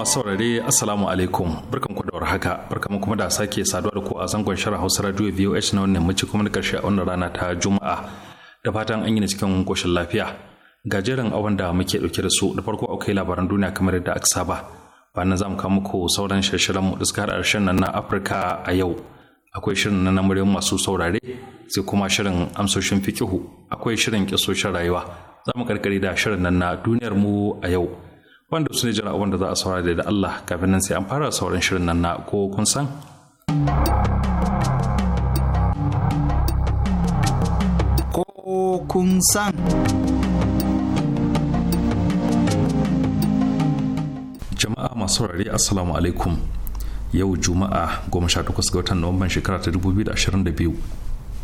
masu saurare assalamu alaikum barkan ku da haka, barkan kuma da sake saduwa da ku a zangon shara Hausa Radio VOH na wannan mace kuma na karshe a wannan rana ta Juma'a da fatan an yi cikin koshin lafiya gajeren jerin abin da muke dauke da su da farko akwai labaran duniya kamar yadda aka saba bayan za mu kawo muku sauran shirshiran mu da suka hada shirin nan na Afirka a yau akwai shirin na namurin masu saurare sai kuma shirin amsoshin fikihu akwai shirin kisoshin rayuwa za mu karkare da shirin nan na duniyar mu a yau wanda su ne jira abin da za a saurara da Allah kafin nan sai an fara sauran shirin nan na ko kun san. Ko kun san. Jama'a masu rari Assalamu alaikum. Yau Juma'a 18 ga watan Nuwamban shekara ta 2022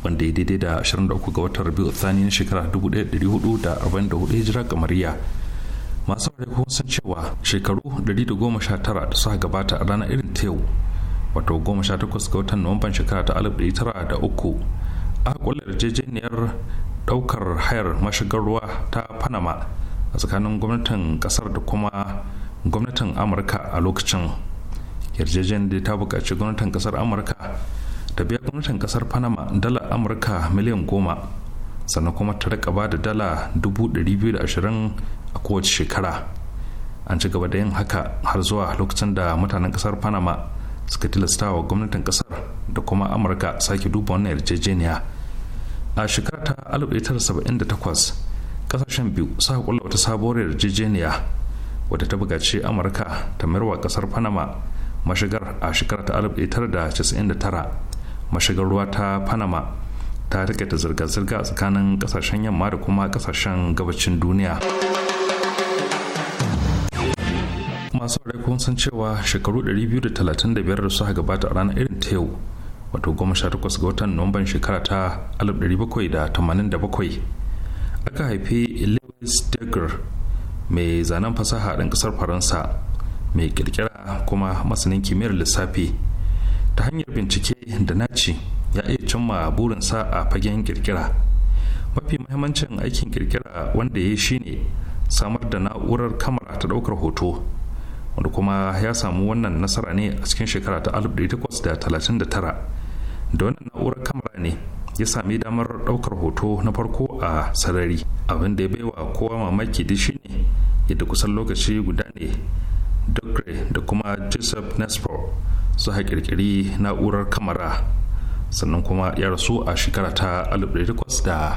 wanda ya daidai da 23 ga watan Rabiu Thani na shekara 1444 Hijira Mariya. masu kuma sun cewa shekaru 119 da suka gabata a ranar irin ta yau wato 18 ga watan nuwamban shekara ta 1903 a kulle yarjejeniyar daukar hayar mashigar ruwa ta panama a tsakanin gwamnatin kasar da kuma gwamnatin amurka a lokacin yarjejeniyar ta buƙaci gwamnatin kasar amurka ta biya gwamnatin kasar panama dala amurka miliyan goma sannan kuma ta rika ba da dala 220 a kowace shekara an ci gaba da yin haka har zuwa lokacin da mutanen kasar panama suka tilasta wa gwamnatin kasar da kuma amurka sake duba wannan yarjejeniya a shekara ta 1978 kasashen biyu suka kulla wata sabuwar yarjejeniya wadda ta bugaci amurka ta mayarwa kasar panama mashigar a shekara ta 1999 mashigar ruwa ta panama ta rike zirga-zirga tsakanin kasashen yamma da kuma kasashen gabacin duniya. masu rai kun san cewa shekaru 235 da suka gabata a ranar irin ta yau wato 18 ga watan nomban shekara ta 1787 aka haifi lewis dagger mai zanen fasaha ɗan ƙasar faransa mai ƙirƙira kuma masanin kimiyyar lissafi ta hanyar bincike da naci ya iya cimma burinsa a fagen ƙirƙira mafi mahimmancin aikin kirkira wanda ya yi shine samar da na'urar kamara ta ɗaukar hoto wanda kuma ya samu wannan nasara ne a cikin shekara ta 1839 da wannan na'urar kamera ne ya sami damar ɗaukar hoto na farko a sarari abin da ya bai wa kowa mamaki da shi ne yadda kusan lokaci guda ne dukre da kuma joseph nespo su kirkiri na'urar kamera sannan kuma ya rasu a shekara ta 1851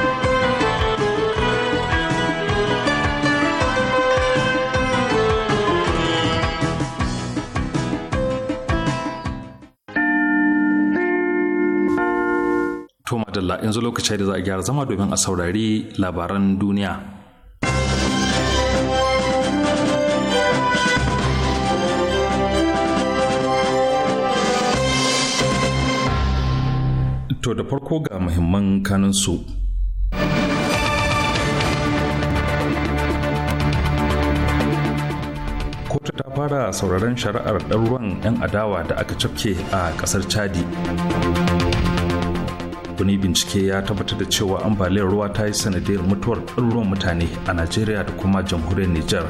madalla yanzu lokaci da za a gyara zama domin a saurari labaran duniya. To da farko ga muhimman kanunsu. Kotu ta fara sauraron shari'ar ɗaruwan 'yan adawa da aka cafke a ƙasar Chadi. wani bincike ya tabbatar da cewa ambaliyar ruwa ta yi sanadiyar mutuwar ɗaruruwan mutane a najeriya da kuma jamhuriyar Nijar.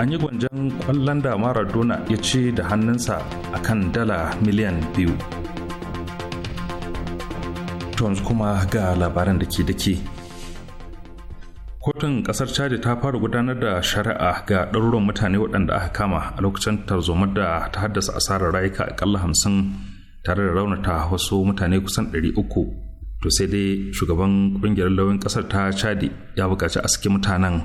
an yi gwanjan kwallon da maradona ya ci da hannunsa a kan dala miliyan biyu tons kuma ga labaran da ke dake kotun kasar chadi ta fara gudanar da shari'a ga ɗaruruwan mutane waɗanda aka kama a lokacin tarzoma da ta haddasa asarar rayuka akalla hamsin tare da raunata wasu mutane kusan ɗari uku to sai dai shugaban ƙungiyar lauyan ƙasar ta chadi ya buƙaci a saki mutanen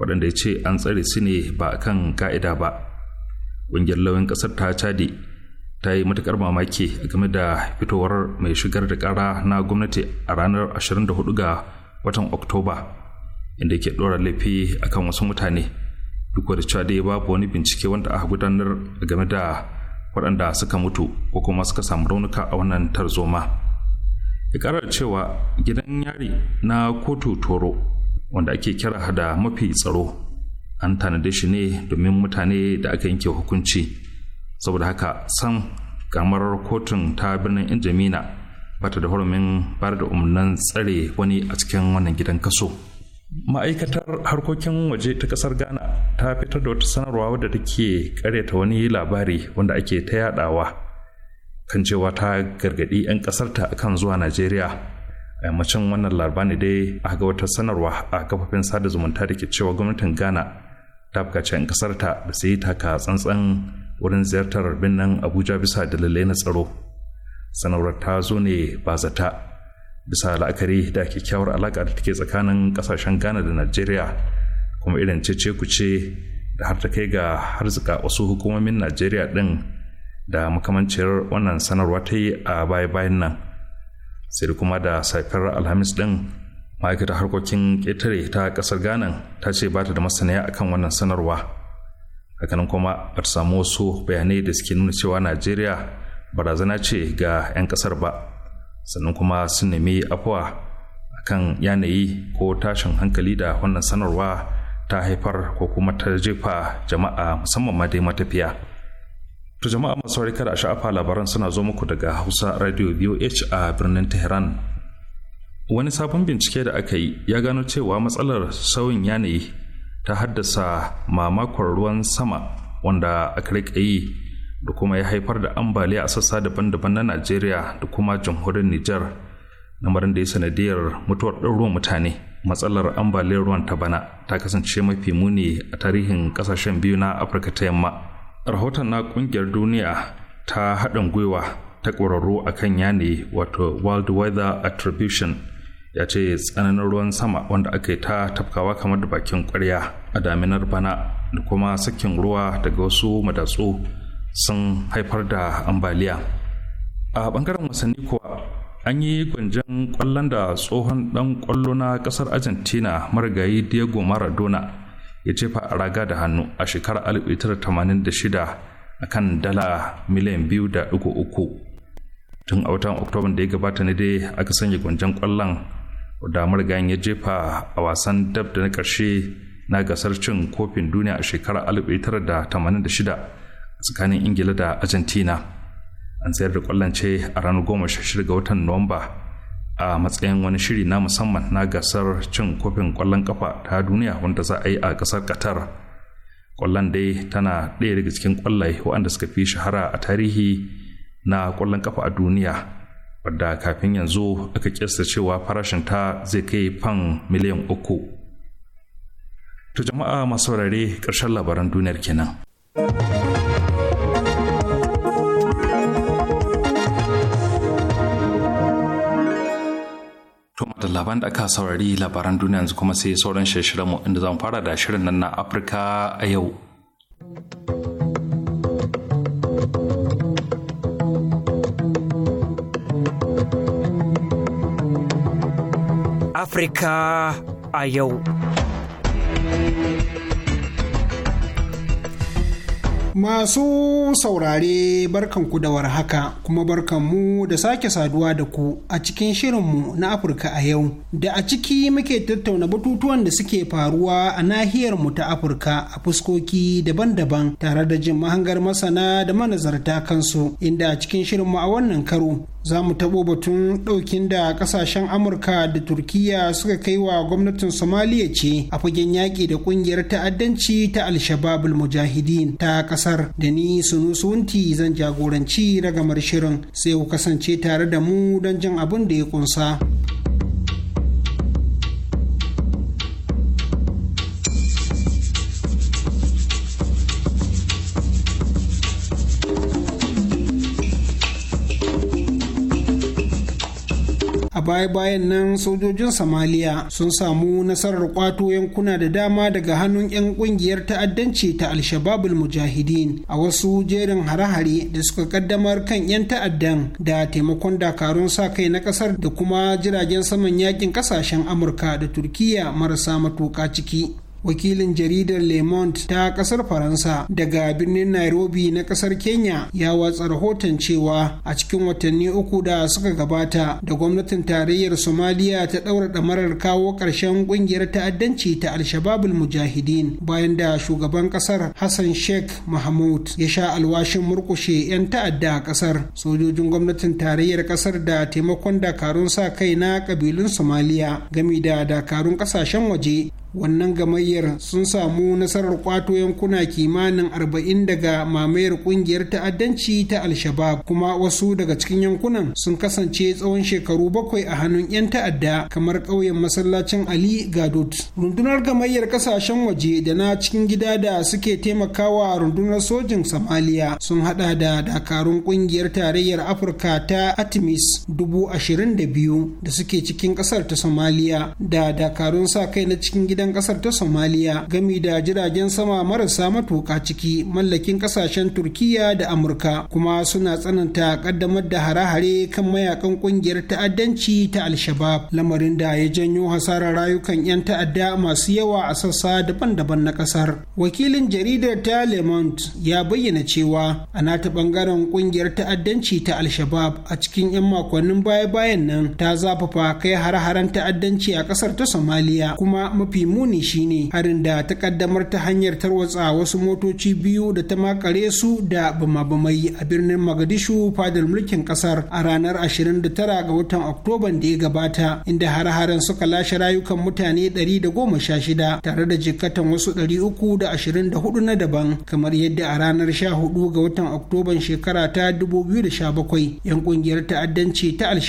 waɗanda ya ce an tsare su ne ba a kan ka'ida ba ƙungiyar lauyan ƙasar ta chadi ta yi matuƙar mamaki game da fitowar mai shigar da ƙara na gwamnati a ranar 24 ga watan oktoba inda ke ɗora laifi akan wasu mutane duk da cewa dai babu wani bincike wanda aka gudanar game da waɗanda suka mutu ko kuma suka samu raunuka a wannan tarzoma ikarar cewa gidan yari na kotu toro wanda ake kira da mafi tsaro an tanade shi ne domin mutane da aka yanke hukunci saboda haka san kamar kotun ta birnin injamina bata da hurumin bayar da umarnin tsare wani a cikin wannan gidan kaso. ma'aikatar harkokin waje ta kasar ghana ta fitar da wata sanarwa wadda take karyata wani labari wanda ake ta yadawa kan cewa ta gargaɗi 'yan kasarta akan zuwa najeriya a yammacin wannan labarin dai a ga wata sanarwa a kafafen sada zumunta da ke cewa gwamnatin ghana ta bukaci 'yan kasarta da sai ta taka tsantsan wurin ziyartar birnin abuja bisa dalilai na tsaro sanarwar ta zo ne ba zata bisa la'akari da kyakkyawar alaƙa da take tsakanin ƙasashen ghana da najeriya kuma irin cece ce da har ta kai ga harzika wasu hukumomin najeriya ɗin da makamanciyar wannan sanarwa ta yi a baya-bayan nan sai kuma da safiyar alhamis ɗin ma'aikatar harkokin ƙetare ta ƙasar ghana ta ce ba ta da masaniya akan wannan sanarwa hakanan kuma ba ta samu wasu bayanai da suke nuna cewa najeriya barazana ce ga 'yan ƙasar ba sannan kuma sun nemi afuwa kan yanayi ko tashin hankali da wannan sanarwa ta haifar ko kuma ta jefa jama'a musamman ma dai matafiya to jama'a masu harika da sha'afa labaran suna zo muku daga hausa radio voh a birnin tehran wani sabon bincike da aka yi ya gano cewa matsalar sauyin yanayi ta haddasa mamakon ruwan sama wanda aka rika yi da kuma ya haifar da ambaliya a sassa daban-daban na najeriya da kuma jamhuriyar niger lamarin da ya sanadiyar mutuwar ɗaruruwan mutane matsalar ambaliyar ruwan ta bana ta kasance mafi muni a tarihin ƙasashen biyu na afirka ta yamma rahoton na ƙungiyar duniya ta haɗin gwiwa ta ƙwararru a kan yane wato world weather attribution ya ce tsananin ruwan sama wanda aka yi ta tafkawa kamar da bakin ƙwarya a daminar bana da kuma sakin ruwa daga wasu madatsu sun haifar da ambaliya a bangaren wasanni kuwa an yi gwanjan kwallon da tsohon dan kwallo na kasar argentina marigayi diego maradona ya jefa a raga da hannu a shekarar 1986 a dala miliyan biyu da uku tun a watan oktoban da ya gabata ne dai aka sanya gwanjan kwallon da marigayin ya jefa a wasan dab da na karshe na gasar cin kofin duniya a shekarar 1986 tsakanin ingila da argentina an tsayar da kwallance a ranar goma sha ga watan nuwamba a matsayin wani shiri na musamman na gasar cin kofin kwallon kafa ta duniya wanda za a yi a kasar qatar kwallon dai tana ɗaya daga cikin kwallaye waɗanda suka fi shahara a tarihi na kwallon kafa a duniya wadda kafin yanzu aka kesta cewa farashin ta zai kai fan miliyan uku to jama'a masu saurare ƙarshen labaran duniyar kenan. To da laban da aka saurari labaran duniya yanzu kuma sai sauran shirin mu inda zan fara da shirin nan na Afirka a yau. Afirka a yau. Masu saurare barkan ku da warhaka kuma barkan mu da sake saduwa da ku a cikin shirinmu na Afirka a yau da a ciki muke tattauna batutuwan da suke faruwa a nahiyar mu ta Afirka a fuskoki daban-daban tare da jin mahangar masana da manazarta kansu inda a cikin shirinmu a wannan karo za mu taɓo batun ɗaukin da ƙasashen amurka da turkiya suka kai wa gwamnatin somaliya ce a fagen yaƙi da ƙungiyar ta'addanci ta alshababul mujahidin ta ƙasar da ni sunu wunti zan jagoranci ragamar shirin sai ku kasance tare da mu don jin abin da ya ƙunsa. a baya-bayan nan sojojin somaliya sun samu nasarar kwato yankuna da dama daga hannun 'yan kungiyar ta'addanci ta alshababul mujahideen a wasu jerin hare-hare da suka kaddamar kan 'yan ta'addan da taimakon dakarun sa kai na kasar da kuma jiragen saman yakin kasashen amurka da turkiya marasa matuƙa ciki wakilin jaridar le monde ta kasar faransa daga birnin nairobi na kasar kenya ya watsa rahoton cewa a cikin watanni uku da suka gabata da gwamnatin tarayyar somaliya ta ɗaura ɗamarar kawo ƙarshen ƙungiyar ta'addanci ta alshababul mujahideen bayan da shugaban kasar hassan sheikh mahmud ya sha alwashin murkushe 'yan ta'adda a kasar sojojin gwamnatin tarayyar kasar da taimakon dakarun sa kai na ƙabilun somaliya gami da dakarun ƙasashen waje wannan gamayyar sun samu nasarar kwato yankuna kimanin arba'in daga mamayar kungiyar ta'addanci ta al-shabab kuma wasu daga cikin yankunan sun kasance tsawon shekaru bakwai a hannun 'yan ta'adda kamar ƙauyen masallacin ali gadot rundunar gamayyar kasashen waje da na cikin gida da suke taimakawa rundunar sojin samaliya sun hada da dakarun kungiyar tarayyar afirka ta artemis dubu ashirin da biyu da suke cikin kasar ta somaliya da dakarun sa kai na cikin gida wajen kasar ta somaliya gami da jiragen sama marasa matuƙa ciki mallakin ƙasashen turkiya da amurka kuma suna tsananta ƙaddamar da hare-hare kan mayakan ƙungiyar ta'addanci ta alshabab. lamarin da ya janyo hasarar rayukan 'yan ta'adda masu yawa a sassa daban-daban na ƙasar. wakilin jaridar ta le monde ya bayyana cewa "Ana nata bangaren kungiyar ta'addanci ta alshabab a cikin 'yan makonnin baya-bayan nan ta zafafa kai hare-haren ta'addanci a kasar ta somaliya kuma mafi muni shine harin da ta kaddamar ta hanyar tarwatsa wasu motoci biyu da ta makare su da bama-bamai a birnin magadishu fadar mulkin kasar a ranar 29 ga watan oktoban da ya gabata inda har-haren suka lashe rayukan mutane 116 tare da jikatan wasu 324 na daban kamar yadda a ranar 14 ga watan oktoban shekara ta 2017 'yan kungiyar ta'addanci ta al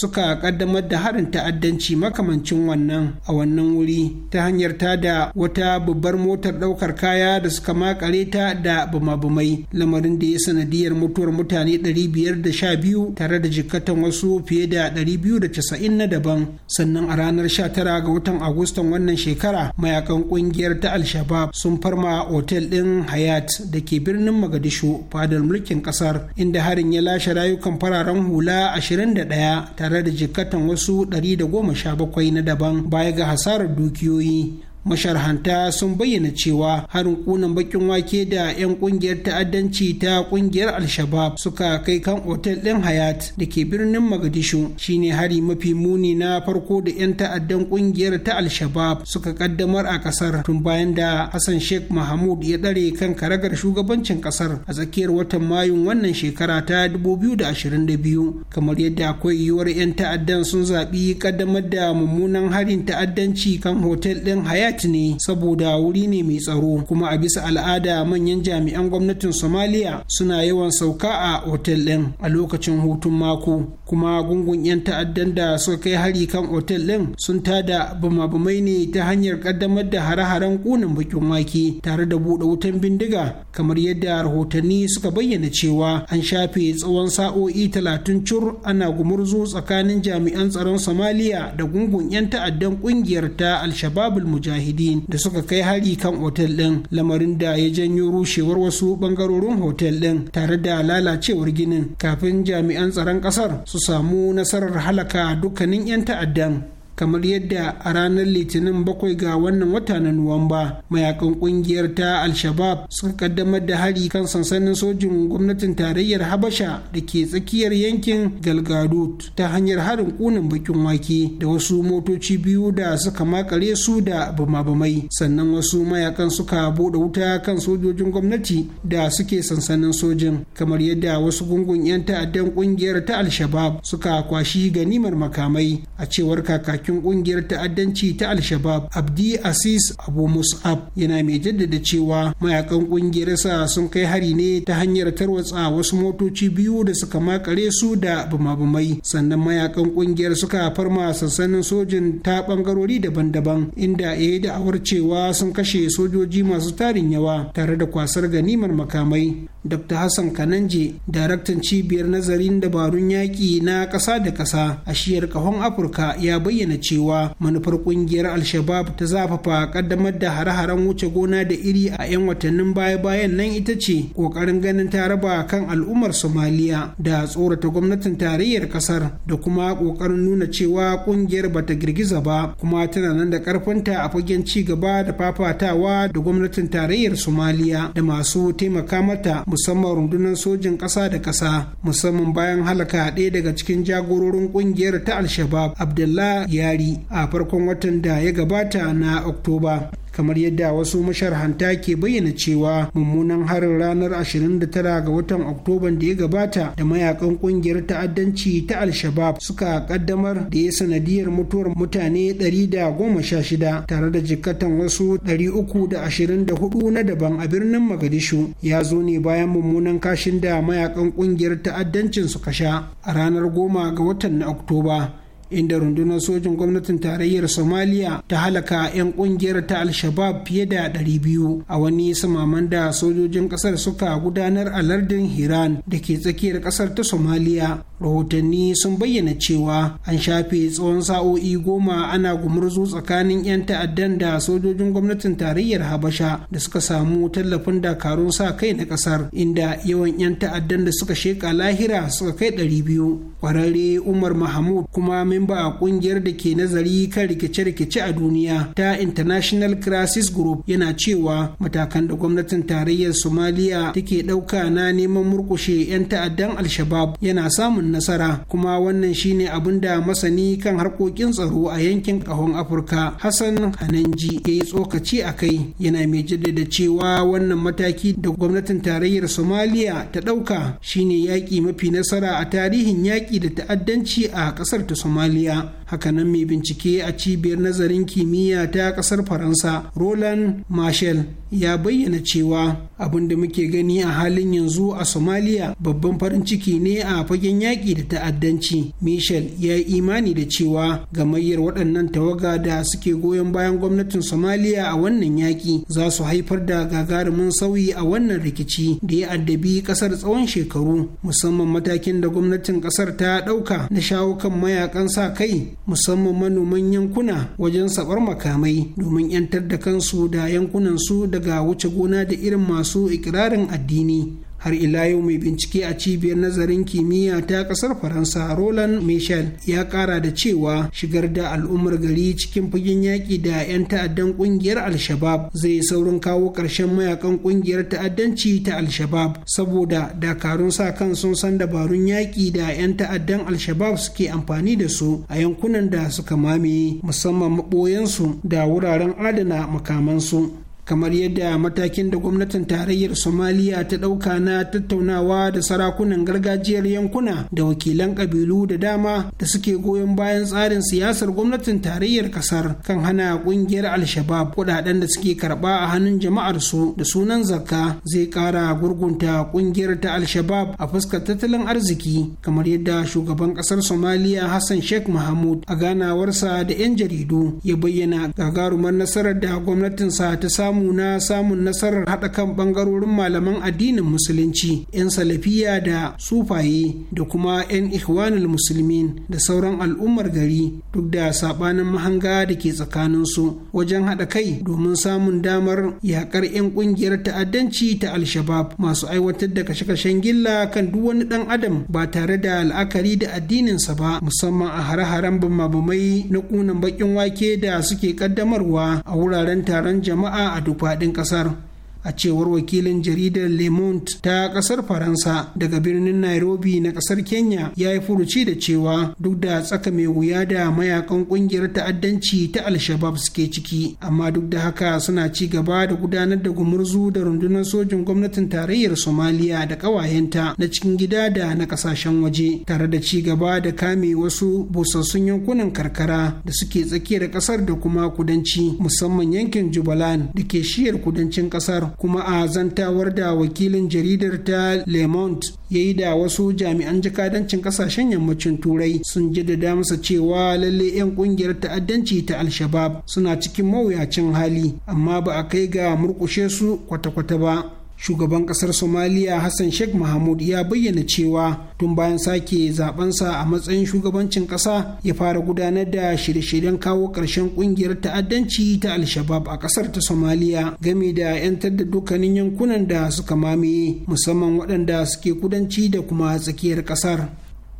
suka kaddamar da harin ta'addanci makamancin wannan a wannan wuri ta ta hanyar ta da wata babbar motar ɗaukar kaya da suka makare ta da bumabumai lamarin da ya sanadiyar mutuwar mutane 512 tare da jikkatan wasu fiye da 290 na daban sannan a ranar 19 ga watan agustan wannan shekara mayakan kungiyar ta al-shabab sun farma otel ɗin hayat da ke birnin magadishu fadar mulkin ƙasar inda harin ya lashe rayukan fararen hula 21 tare da jikkatan wasu 117 na daban baya ga hasarar dukiyoyi TV masharhanta sun bayyana cewa harin kunan bakin wake da 'yan kungiyar ta'addanci ta kungiyar al-shabab suka kai kan otel ɗin hayat da ke birnin magadishu shine hari mafi muni na farko da 'yan ta'addan kungiyar ta al-shabab suka kaddamar a kasar tun bayan da hassan sheikh mahmud ya ɗare kan karagar shugabancin kasar a tsakiyar watan mayun wannan shekara ta 2022 kamar yadda akwai yiwuwar 'yan ta'addan sun zaɓi kaddamar da mummunan harin ta'addanci kan hotel ɗin hayat Riyadh ne saboda wuri ne mai tsaro kuma a bisa al'ada manyan jami'an gwamnatin Somalia suna yawan sauka a otel ɗin a lokacin hutun mako kuma gungun 'yan ta'addan da suka kai hari kan otel ɗin sun tada bama-bamai ne ta hanyar ƙaddamar da hare-haren ƙunin bakin wake tare da buɗe wutan bindiga kamar yadda rahotanni suka bayyana cewa an shafe tsawon sa'o'i talatin cur ana gumurzu tsakanin jami'an tsaron Somalia da gungun 'yan ta'addan ƙungiyar ta al-Shababul mujahideen da suka kai hari kan otel ɗin lamarin da ya janyo rushewar wasu ɓangarorin otel ɗin tare da lalacewar ginin kafin jami'an tsaron ƙasar su samu nasarar halaka dukkanin 'yan ta'addan. kamar yadda a ranar litinin bakwai ga wannan wata na nuwamba mayakan kungiyar ta al-shabab suka kaddamar da hari kan sansanin sojin gwamnatin tarayyar habasha da ke tsakiyar yankin galgadot ta hanyar harin kunan bakin wake da wasu motoci biyu da suka makare su da bama sannan wasu mayakan suka bude wuta kan sojojin gwamnati da suke sansanin sojin kamar yadda wasu gungun 'yan ta'addan kungiyar ta al-shabab suka kwashi ganimar makamai a cewar kakakin mataimakin kungiyar ta'addanci ta al-shabab abdi asis abu mus'ab yana mai jaddada cewa mayakan sa sun kai hari ne ta hanyar tarwatsa wasu motoci biyu da suka makare su da bumabumai sannan mayakan kungiyar suka farma sansanin sojin ta bangarori daban-daban inda ya yi da'awar cewa sun kashe sojoji masu tarin yawa tare da kwasar ganimar makamai dr hassan kananje daraktan cibiyar nazarin dabarun yaƙi na ƙasa da ƙasa a shiyar ƙahon afirka ya bayyana bayyana cewa manufar kungiyar Alshabab shabab ta zafafa kaddamar da hare-haren wuce gona da iri a 'yan watannin baya-bayan nan ita ce kokarin ganin ta raba kan al'ummar somaliya da tsorata gwamnatin tarayyar kasar da kuma kokarin nuna cewa kungiyar ta girgiza ba kuma tana nan da karfinta a fagen ci gaba da fafatawa da gwamnatin tarayyar somaliya da masu taimaka mata musamman rundunar sojin ƙasa da ƙasa musamman bayan halaka ɗaya daga cikin jagororin kungiyar ta Alshabab shabab abdullah Yari a farkon watan da ya gabata na Oktoba. kamar yadda wasu masharhanta ke bayyana cewa mummunan harin ranar 29 ga watan oktoban da ya gabata da mayakan kungiyar ta'addanci ta al-shabab suka kaddamar da ya sanadiyar mutuwar mutane 116 tare da jikkatan wasu 324 na daban a birnin magadishu ya zo ne bayan mummunan kashin da mayakan kungiyar ta'addancin suka sha a ranar 10 ga watan na oktoba inda rundunar sojin gwamnatin tarayyar somaliya ta halaka 'yan kungiyar ta al-shabab fiye da 200 a wani samaman da sojojin kasar suka gudanar a lardin hiran da ke tsakiyar kasar ta somaliya rahotanni sun bayyana cewa an shafe tsawon sa'o'i goma ana gumurzu tsakanin 'yan ta'addan da sojojin gwamnatin tarayyar habasha da suka samu tallafin dakarun sa kai na kasar inda yawan 'yan ta'addan da suka sheka lahira suka kai 200 kwararre umar mahmud kuma memba a kungiyar da ke nazari kan rikice-rikice a duniya ta international crisis group yana cewa matakan da gwamnatin tarayyar somaliya take ɗauka na neman murkushe 'yan ta'addan al-shabab yana samun nasara kuma wannan shine abin da masani kan harkokin tsaro a yankin ƙahon afirka hassan hananji ya yi tsokaci a kai yana mai jaddada cewa wannan mataki da gwamnatin tarayyar somaliya ta ɗauka shine yaƙi mafi nasara a tarihin yaƙi yaƙi da ta'addanci a ƙasar ta somaliya hakanan mai bincike a cibiyar nazarin kimiyya ta kasar faransa roland marshall ya bayyana cewa abin da muke gani a halin yanzu a somalia babban farin ciki ne a fagen yaƙi da ta'addanci michel ya yi imani da cewa gamayyar waɗannan tawaga da suke goyon bayan gwamnatin somalia a wannan yaƙi za su haifar da gagarumin sauyi a wannan rikici da ya addabi ƙasar tsawon shekaru musamman matakin da gwamnatin ƙasar ta ɗauka na shawo kan mayakan sa kai musamman manoman yankuna wajen sabar makamai domin 'yantar da kansu da yankunan su daga wuce gona da irin masu ikirarin addini har ila yau mai bincike a cibiyar nazarin kimiyya ta kasar faransa roland michel ya kara da cewa shigar da al'ummar gari cikin fagen yaƙi da 'yan ta'addan ƙungiyar al-shabab zai saurin kawo ƙarshen mayakan ƙungiyar ta'addanci ta al-shabab saboda dakarun sa kan sun san dabarun yaƙi da 'yan ta'addan al-shabab suke amfani da su a yankunan da suka mamaye musamman maɓoyansu da wuraren adana makamansu kamar yadda matakin da gwamnatin tarayyar somaliya ta ɗauka na tattaunawa da sarakunan gargajiyar yankuna da wakilan ƙabilu da dama da suke goyon bayan tsarin siyasar gwamnatin tarayyar ƙasar kan hana ƙungiyar alshabab kuɗaɗen da suke karɓa a hannun jama'ar su da sunan zakka zai ƙara gurgunta ƙungiyar ta alshabab a fuskar tattalin arziki kamar yadda shugaban ƙasar somaliya hassan sheikh mahmud a ganawarsa da 'yan jaridu ya bayyana gagarumar nasarar da gwamnatinsa ta samu samu na samun nasarar haɗa kan ɓangarorin malaman addinin musulunci 'yan salafiya da sufaye da kuma 'yan ikhwanul musulmin da sauran al'ummar gari duk da saɓanin mahanga da ke tsakaninsu wajen haɗa kai domin samun damar yaƙar 'yan ƙungiyar ta'addanci ta al-shabab masu aiwatar da kashe-kashen gilla kan duk wani ɗan adam ba tare da al'akari da addininsa ba musamman a hare-haren bama-bamai na ƙunan baƙin wake da suke ƙaddamarwa a wuraren taron jama'a a a duk faɗin ƙasar a cewar wakilin jaridar le monde ta kasar faransa daga birnin nairobi na kasar kenya ya yi furuci da cewa duk da tsaka mai wuya da mayakan kungiyar ta'addanci ta alshabab suke ciki amma duk da haka suna ci gaba da gudanar da gumurzu da rundunar sojin gwamnatin tarayyar somaliya da kawayenta na cikin gida da na kasashen waje tare da ci gaba da kame wasu busassun yankunan karkara da suke tsakiyar kasar da kuma kudanci musamman yankin jubaland da ke shiyar kudancin kasar kuma a zantawar da wakilin jaridar ta le monde ya yi da wasu jami'an jakadancin kasashen yammacin turai sun ji da masa cewa lalle 'yan kungiyar ta'addanci ta al-shabab suna cikin mawuyacin hali amma ba a kai ga murkushe su kwata-kwata ba shugaban kasar somaliya hassan sheikh mahmud ya bayyana cewa tun bayan sake zabensa a matsayin shugabancin kasa ya fara gudanar da shirye-shiryen kawo ƙarshen kungiyar ta'addanci ta al-shabab a kasar ta somaliya game da 'yantar da dukkanin yankunan da suka mamaye musamman waɗanda suke kudanci da kuma tsakiyar kasar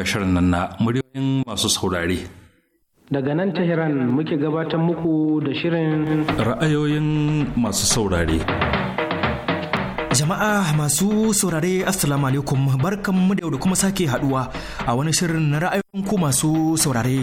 ga shirin nan na muryoyin masu saurare. Daga nan Tehran muke gabatar muku da shirin ra'ayoyin masu saurare. Jama'a masu saurare Assalamu alaikum barkanmu da yau da kuma sake haduwa a wani shirin na ra'ayoyin ku masu saurare.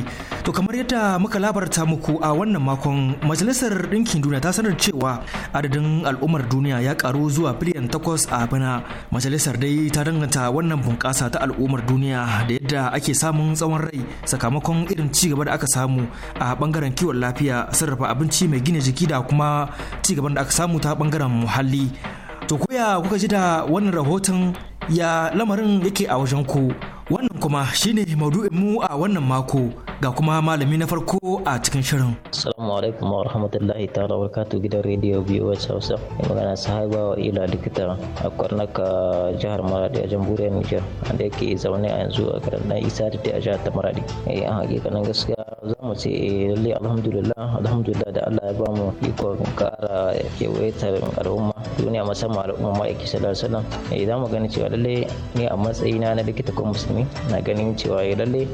To kamar yadda muka labarta muku a wannan makon majalisar ɗinkin duniya ta sanar cewa adadin al'ummar duniya ya karu zuwa biliyan takwas a bana majalisar dai ta danganta wannan bunƙasa ta al'ummar duniya da yadda ake samun tsawon rai sakamakon irin ci gaba da aka samu a bangaren kiwon lafiya sarrafa abinci mai gina jiki da kuma ci gaban da aka samu ta bangaren muhalli. To koya kuka ji da wannan rahoton ya lamarin yake a wajen ku Wannan kuma shine maudu'in mu a wannan mako ga kuma malami na farko a cikin shirin. Assalamu alaikum wa rahmatullahi ta'ala wa barakatuh gidan rediyo biyu wacce hausa. Magana sahaba wa ila likita a kwarnaka jihar Maradi a jamhuriyar Nijar wanda yake zaune a yanzu a garin Dan Isa da a jihar ta Maradi. Eh a hakikanin gaskiya za mu ce lalle alhamdulillah alhamdulillah da Allah ya ba mu ikon kara yawaitar al'umma duniya musamman al'umma ma'aiki sallallahu alaihi Eh za mu gani cewa lalle ni a matsayina na likita ko musulmi azumi na ganin cewa ya eh, lalle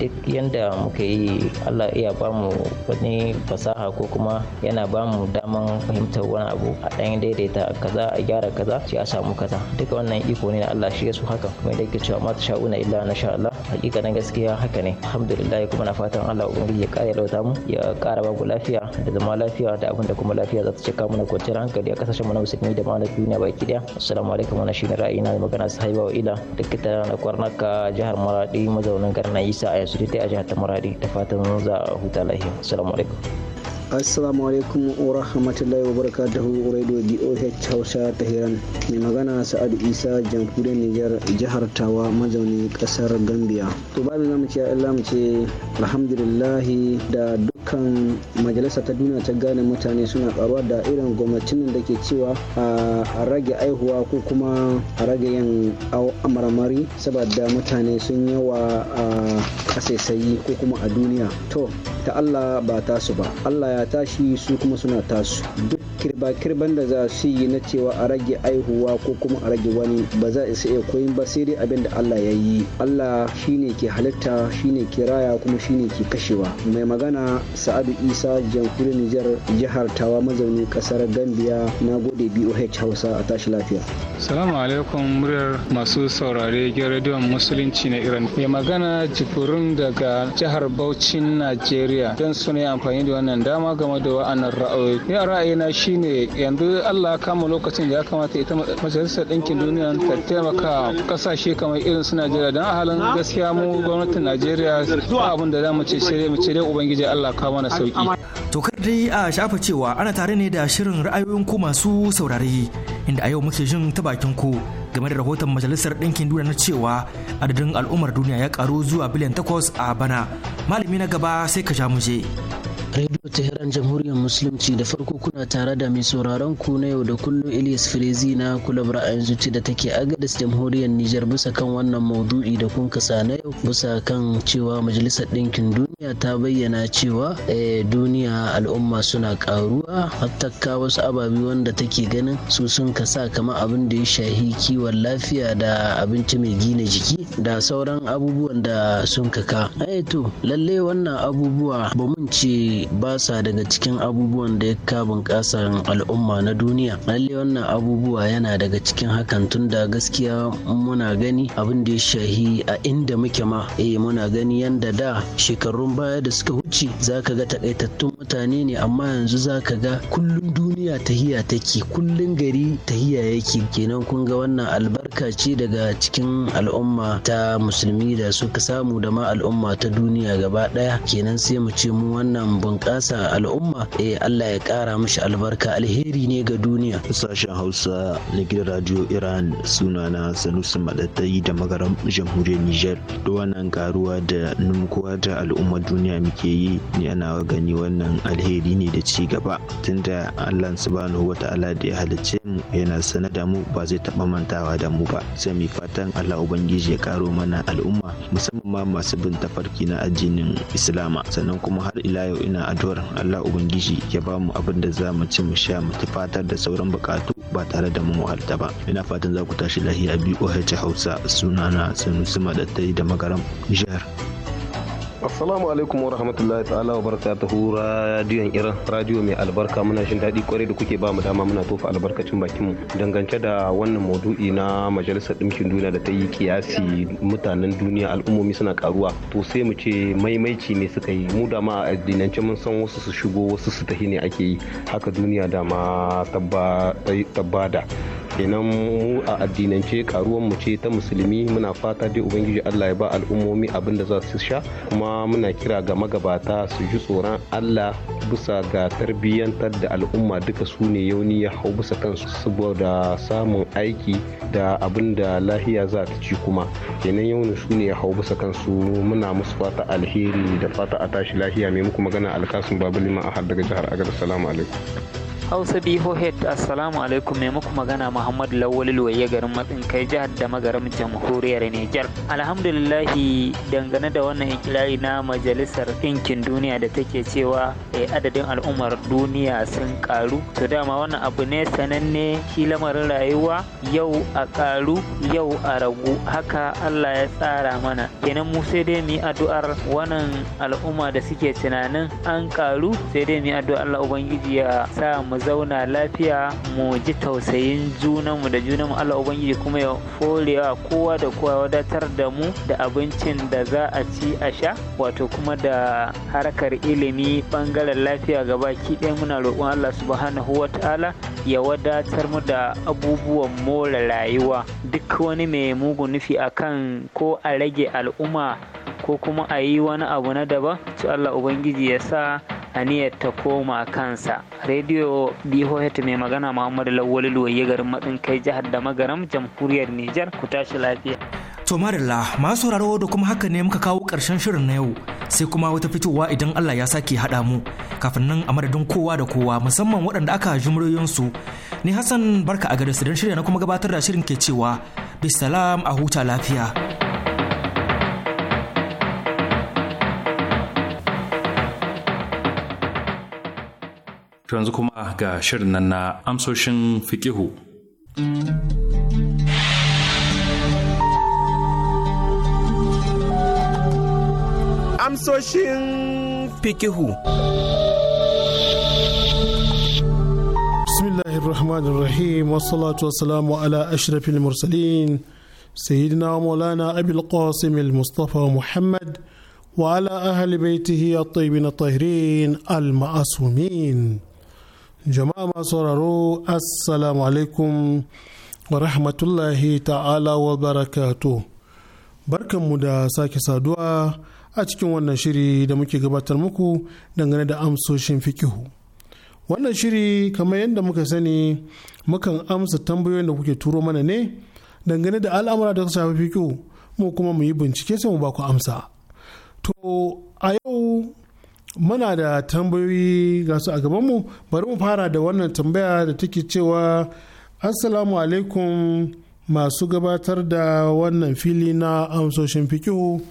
duk yadda muka yi allah iya ba mu wani fasaha ko kuma yana ba mu daman fahimtar wani abu a ɗayan daidaita kaza a gyara kaza sai a samu kaza duka wannan iko ne na allah shi ya su haka kuma da ke cewa ma ta sha'una illa na sha allah hakika na gaskiya haka ne alhamdulillah kuma na fatan allah ubangiji ya kara lauta mu ya kara ba ku lafiya da zama lafiya da abin da kuma lafiya za ta cika mana kwanciyar hankali a kasashen mu na musulmi da ma na duniya baki daya assalamu alaikum shi na ra'ayi na magana sahiba wa ila duk na kwarnaka a jihar maradi mazaunin garin isa a yasu a jihar ta maradi ta fatan za a huta lafiya assalamu alaikum assalamu alaikum wa rahmatullahi wa barakatuhu radio BOH Hausa ta Hiran mai magana Sa'adu Isa jamhuriyar niger jihar Tawa mazauni kasar Gambia to babu zamu ce ya mu ce alhamdulillah da dukkan majalisa ta duniya ta gane mutane suna karuwa da irin gwamnatin da ke cewa a rage aihuwa ko kuma a rage yin amarmari saboda mutane sun yawa a kasaisayi ko kuma a duniya to ta Allah ba tasu ba Allah ya tashi su kuma suna tasu duk kirba-kirban da za su yi na cewa a rage aihuwa ko kuma a rage wani ba za isa iya koyin ba sai dai abin da Allah ya yi Allah shine ke halitta shine ke raya kuma shine ke kashewa mai magana Sa'adu Isa jamhuriyar Nijar jihar Tawa mazaunin kasar Gambia na gode BOH Hausa a tashi lafiya Assalamu alaikum muryar masu saurare gidan musulunci na Iran mai magana Jibrin daga jihar Bauchin Najeriya Najeriya don su ne amfani da wannan dama game da wa'annan ra'ayoyi. Ni a ra'ayina shine yanzu Allah kama lokacin da ya kamata ita majalisar ɗinkin duniya ta taimaka kasashe kamar irin su Najeriya don a halin gaskiya mu gwamnatin Najeriya ba abin da za mu ce sai mu ce dai ubangiji Allah kama na sauki. To kar dai a shafa cewa ana tare ne da shirin ra'ayoyin ku masu saurari inda a yau muke jin ta bakin ku. game da rahoton majalisar ɗinkin duniya na cewa adadin al'ummar duniya ya karu zuwa biliyan takwas a bana malami na gaba sai ka sha muje. rediyo Radio Tehran Jamhuriyar Musulunci da farko kuna tare da mai sauraron ku na yau da kullum Elias Firezi na kulab ra'ayin zuci da take Agadis Jamhuriyar Nijar bisa kan wannan maudu'i da kun kasa na yau bisa kan cewa Majalisar Ɗinkin Duniya ta bayyana cewa eh, duniya al'umma suna karuwa hatta wasu ababe wanda take ganin su sun kasa kama abin da ya shahi kiwon lafiya da abinci mai gina jiki da sauran abubuwan da sun kaka. Eh, to lallai wannan abubuwa ba mun ce Basa ba sa daga cikin abubuwan da ya ka kasarin al'umma na duniya lalle wannan abubuwa yana daga cikin hakan tun da gaskiya muna gani abin da ya shahi a inda muke ma eh muna gani yanda da shekarun baya da suka wuce zaka ga takaitattun mutane ne amma yanzu zaka ga kullum duniya tahiya take kullum gari tahiya yake kenan kun ga wannan albarka ce daga cikin al'umma ta musulmi da suka samu da ma al'umma ta duniya gaba daya kenan sai mu ce mu wannan bunƙasa al'umma eh Allah ya ƙara mashi albarka alheri ne ga duniya sashen Hausa na gidan radio Iran na Sanusi Madatai da magaram jamhuriyar Niger da wannan karuwa da numkuwa da al'ummar duniya muke yi ni ana gani wannan alheri ne da ci gaba tunda Allah subhanahu wata'ala da ya halicce mu yana sanar da mu ba zai taɓa mantawa da mu ba sai mu fatan Allah ubangiji ya karo mana al'umma musamman ma masu bin tafarki na addinin Islama sannan kuma har ila yau ina wannan addu'ar Allah ubangiji ya ba mu abin da za mu ci mu sha mu fatar da sauran bukatu ba tare da mun wahalta ba ina fatan za ku tashi lahiya BOH Hausa sunana Sanusi Madattai da Magaram Jihar Assalamu alaikum wa rahmatullahi ta'ala wa barakatuhu radiyon Iran radio mai albarka muna shin daɗi kwarai da kuke ba mu dama muna tofa albarkacin bakin mu dangance da wannan maudu'i na majalisar ɗinkin duniya da ta yi kiyasi mutanen duniya al'ummomi suna karuwa to sai mu ce maimaici ne suka yi mu dama a addinance mun san wasu su shigo wasu su tahi ne ake yi haka duniya dama tabbada kenan mu a addinance karuwan mu ce ta musulmi muna fata dai ubangiji Allah ya ba al'ummomi abin da za su sha kuma muna kira ga magabata su ji tsoron Allah bisa ga tarbiyyantar da al'umma duka su ne yauni ya hau bisa kansu saboda samun aiki da abin da lahiya za ta ci kuma kenan yauni su ne ya hau bisa kansu muna musu fata alheri da fata a tashi lahiya mai muku magana alkasun babu liman a har daga jihar agar salamu alaikum hausa head assalamu alaikum mai muku magana muhammadu lawali loye garin matsin kai jihar da magaram jamhuriyar niger alhamdulillahi dangane da wannan ikirari na majalisar ɗinkin duniya da take cewa eh, adadin al'ummar duniya sun ƙaru, to dama wannan abu ne sananne shi lamarin rayuwa yau a ƙaru yau a ragu haka allah ya tsara mana kenan mu sai dai mu addu'ar wannan al'umma da suke tunanin an ƙaru, sai dai mu addu'ar allah ubangiji ya sa mu zauna lafiya mu ji tausayin junanmu da junanmu Allah Ubangiji kuma ya forewa kowa da kowa wadatar da mu da abincin da za a ci a sha wato kuma da harkar ilimi bangaren lafiya gaba ki ɗaya muna roƙon Allah subhanahu wa ta'ala ya wadatar mu da abubuwan more rayuwa duk wani mai mugun nufi akan ko a rage al'umma ko kuma a yi wani abu na daban su Allah Ubangiji ya sa aniyar ta koma kansa rediyo bihohet mai magana muhammadu lawal luwaye garin matsin kai jihar da magaram jamhuriyar nijar ku tashi lafiya To marilla masu sauraro da kuma haka ne muka kawo karshen shirin na yau sai kuma wata fitowa idan Allah ya sake haɗa mu kafin nan a madadin kowa da kowa musamman waɗanda aka su ni Hassan barka a gare su don shirya na kuma gabatar da shirin ke cewa bisalam a huta lafiya. To yanzu kuma ga shirin nan na amsoshin fikihu. amsoshin fikihu. Bismillahirrahmanirrahim wassalatu wassalamu ala ashrafil mursalin sayyidina wa maulana abil qasim al mustafa muhammad wa ala ahli baitihi at-tayyibin at-tahirin al ma'asumin jama'a masu sauraro assalamu alaikum wa rahmatullahi ta'ala wa barakatuh mu da sake saduwa a cikin wannan shiri da muke gabatar muku dangane da amsoshin fikihu. Wannan shiri kamar yadda muka sani mukan amsa tambayoyin da kuke turo mana ne dangane da al'amura da shafi fikihu mu kuma mu yi bincike sai mu ba ku amsa. To a yau muna da tambayoyi ga su a gaban mu bari mu fara da wannan tambaya da take cewa assalamu alaikum masu gabatar da wannan fili na amsoshin fikihu.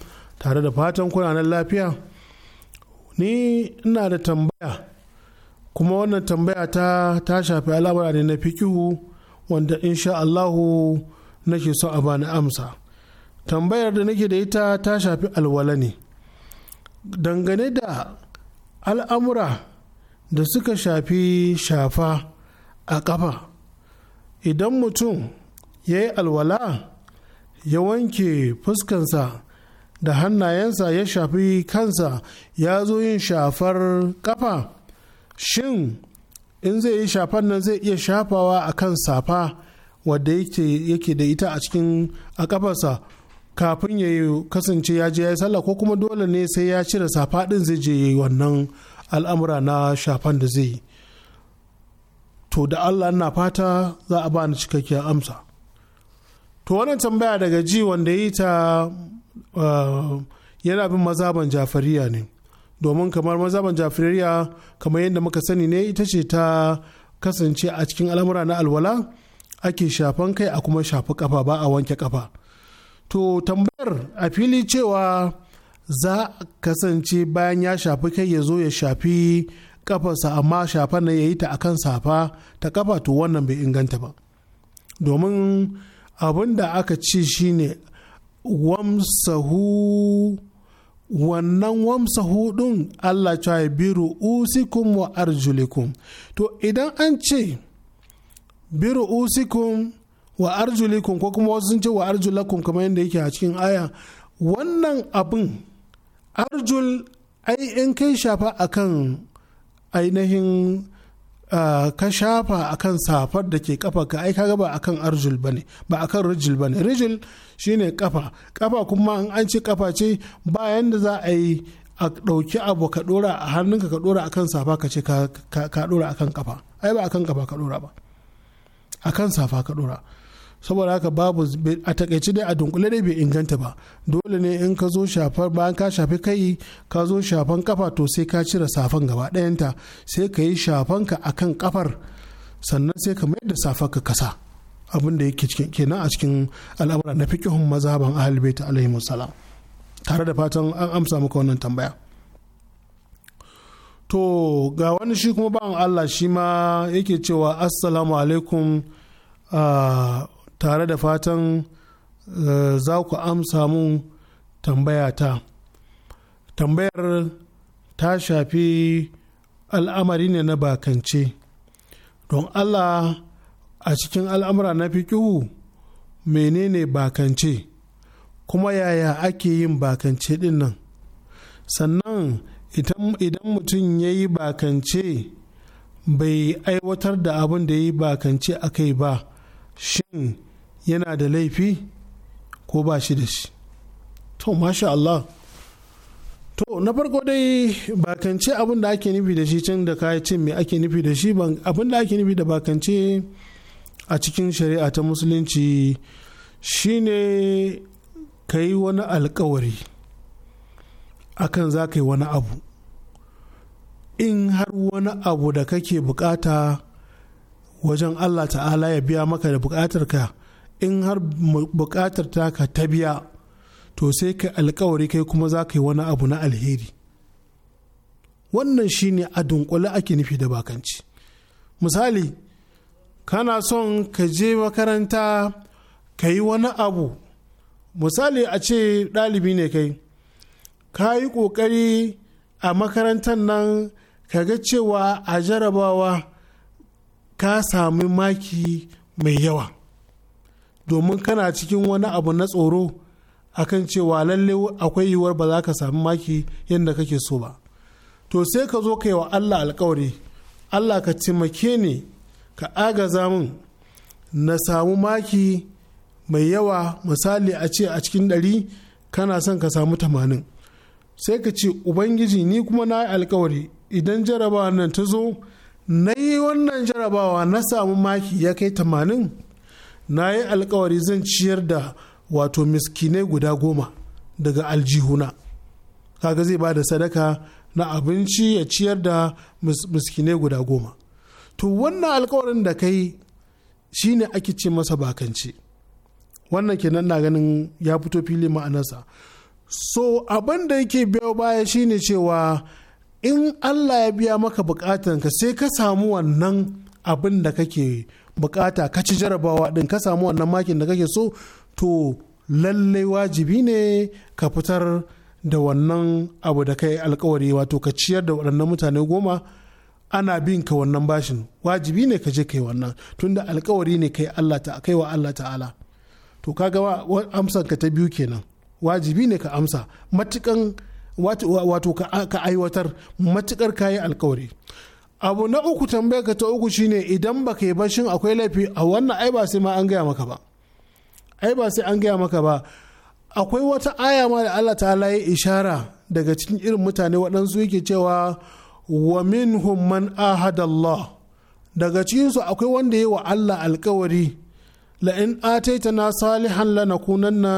tare da fatan kuna nan lafiya ni ina da tambaya kuma wannan tambaya ta ta shafi alamar ne na fikihu wanda insha Allahu nake so a bani amsa tambayar da nake da ita ta shafi alwala ne dangane da al'amura da suka shafi shafa a ƙafa idan mutum ya yi alwala ya wanke fuskansa da hannayensa ya shafi kansa ya zo yin shafar kafa shin in zai yi shafan nan zai iya shafawa a kan safa wadda yake da ita a cikin a kafarsa kafin ya kasance ya je ya yi sallah ko kuma dole ne sai ya cire safa din zai je wannan al'amura na shafan da zai yi to da allah na fata za a bani cikakkiyar amsa to wannan tambaya daga ji wanda yi ta Ah, yana bin mazaban jafariya ne domin kamar mazaban jafariya kamar yadda muka sani ne ita ce ta kasance a cikin al'amura na alwala ake shafan kai a kuma shafi kafa ba a wanke kafa to tambayar a fili cewa za kasance bayan ya shafi kai ya zo ya shafi kafarsa amma shafan na ya yi ta a kan safa ta kafa to wannan bai inganta ba domin abin da aka ce shine wamsahu wannan wamsahu ɗin Allah cewa biro usikun wa arjulikum to idan an ce biro usikun wa arjulikum ko kuma wasu sun ce wa arjulakum kamar yadda yake a cikin aya wannan abin arjul ai in kai shafa akan ainihin Ah, ka shafa akan safar da ke kafa ka ai kaga ba akan arjul ne ba kan rijil bane rijil shine kafa kafa kuma an ce kafa ce bayan da za a yi a ɗauki abu ka ɗora a hannunka ka ɗora akan safa ka ce ka ɗora akan kafa ai ba akan kafa ka ɗora ba akan safa ka ɗora saboda haka babu a takaici dai a dunkule dai bai inganta ba dole ne in ka zo shafar bayan ka shafi kai ka zo shafan kafa to sai ka cire safan gaba ɗayanta sai ka yi shafan ka akan kafar sannan sai ka mayar da ka kasa abin da yake kenan a cikin al'amura na fikihun mazhaban ahal baita alaihi tare da fatan an amsa maka wannan tambaya to ga wani shi kuma bawan Allah shi ma yake cewa assalamu alaikum ah, tare da fatan eh, za ku amsa mun tambaya ta tambayar ta shafi al'amari ne na bakance don allah a cikin al'amura na kihu menene bakance kuma yaya ake yin bakance din nan sannan idan mutum ya yi bakance bai aiwatar da abin da ya yi bakance a kai ba shin yana da laifi ko ba shi da shi to masha Allah to na farko dai bakance abin da ake nufi da shi can da kayi ce me ake nufi da shi abin da ake nufi da bakance a cikin shari'a ta musulunci shine ka yi wani alkawari akan za ka yi wani abu in har wani abu da kake bukata wajen Allah ta'ala ya biya maka da ka. in har bukatar taka ta biya to sai ka alkawari kai kuma za ka yi wani abu na alheri wannan shine a dunkule ake nufi da bakanci misali kana son ka je makaranta ka yi wani abu misali a ce ɗalibi ne kai ka yi ƙoƙari a makarantar nan ka ga cewa a jarabawa ka sami maki mai yawa domin kana cikin wani abu na tsoro akan cewa lalle akwai yiwuwar ba za ka samu maki yadda kake so ba to sai ka zo ka wa Allah alkawari Allah ka taimake ni ka agaza min na samu maki mai yawa misali a ce a cikin ɗari kana son ka samu tamanin sai ka ce ubangiji ni kuma na yi alkawari idan jarabawa nan ta zo na yi wannan jarabawa na samu maki ya kai tamanin na yi alkawari zan ciyar da wato miskinai guda goma daga aljihuna kaga zai ba da sadaka na abinci ya ciyar da miskinai guda goma to wannan alkawarin da kai shine ake ce masa bakanci wannan kenan na ganin ya fito fili ma'anarsa so abin da yake biyo baya shine cewa in allah ya biya maka bukatanka sai ka samu wannan abin da kake bukata ka ci jarabawa din ka samu wannan makin da kake so to lallai wajibi ne ka fitar da wannan abu da kai alkawari wato ka ciyar da waɗannan mutane goma ana bin ka wannan bashin wajibi ne ka je kai wannan tunda alkawari ne kai Allah ta kai wa Allah ta'ala to kaga amsan ka ta biyu kenan wajibi ne ka amsa matukan wato ka aiwatar matukar kayi alkawari abu na uku tambayar ka ta uku shine idan ba ka yi bashin akwai laifi a wannan ai ba sai ma an gaya maka ba ai ba sai an gaya maka ba akwai wata aya ma da Allah ta'ala ya ishara daga cikin irin mutane waɗansu yake cewa wa minhum man ahadallah daga cikinsu akwai wanda ya wa Allah alkawari la in ataitana salihan lanakunanna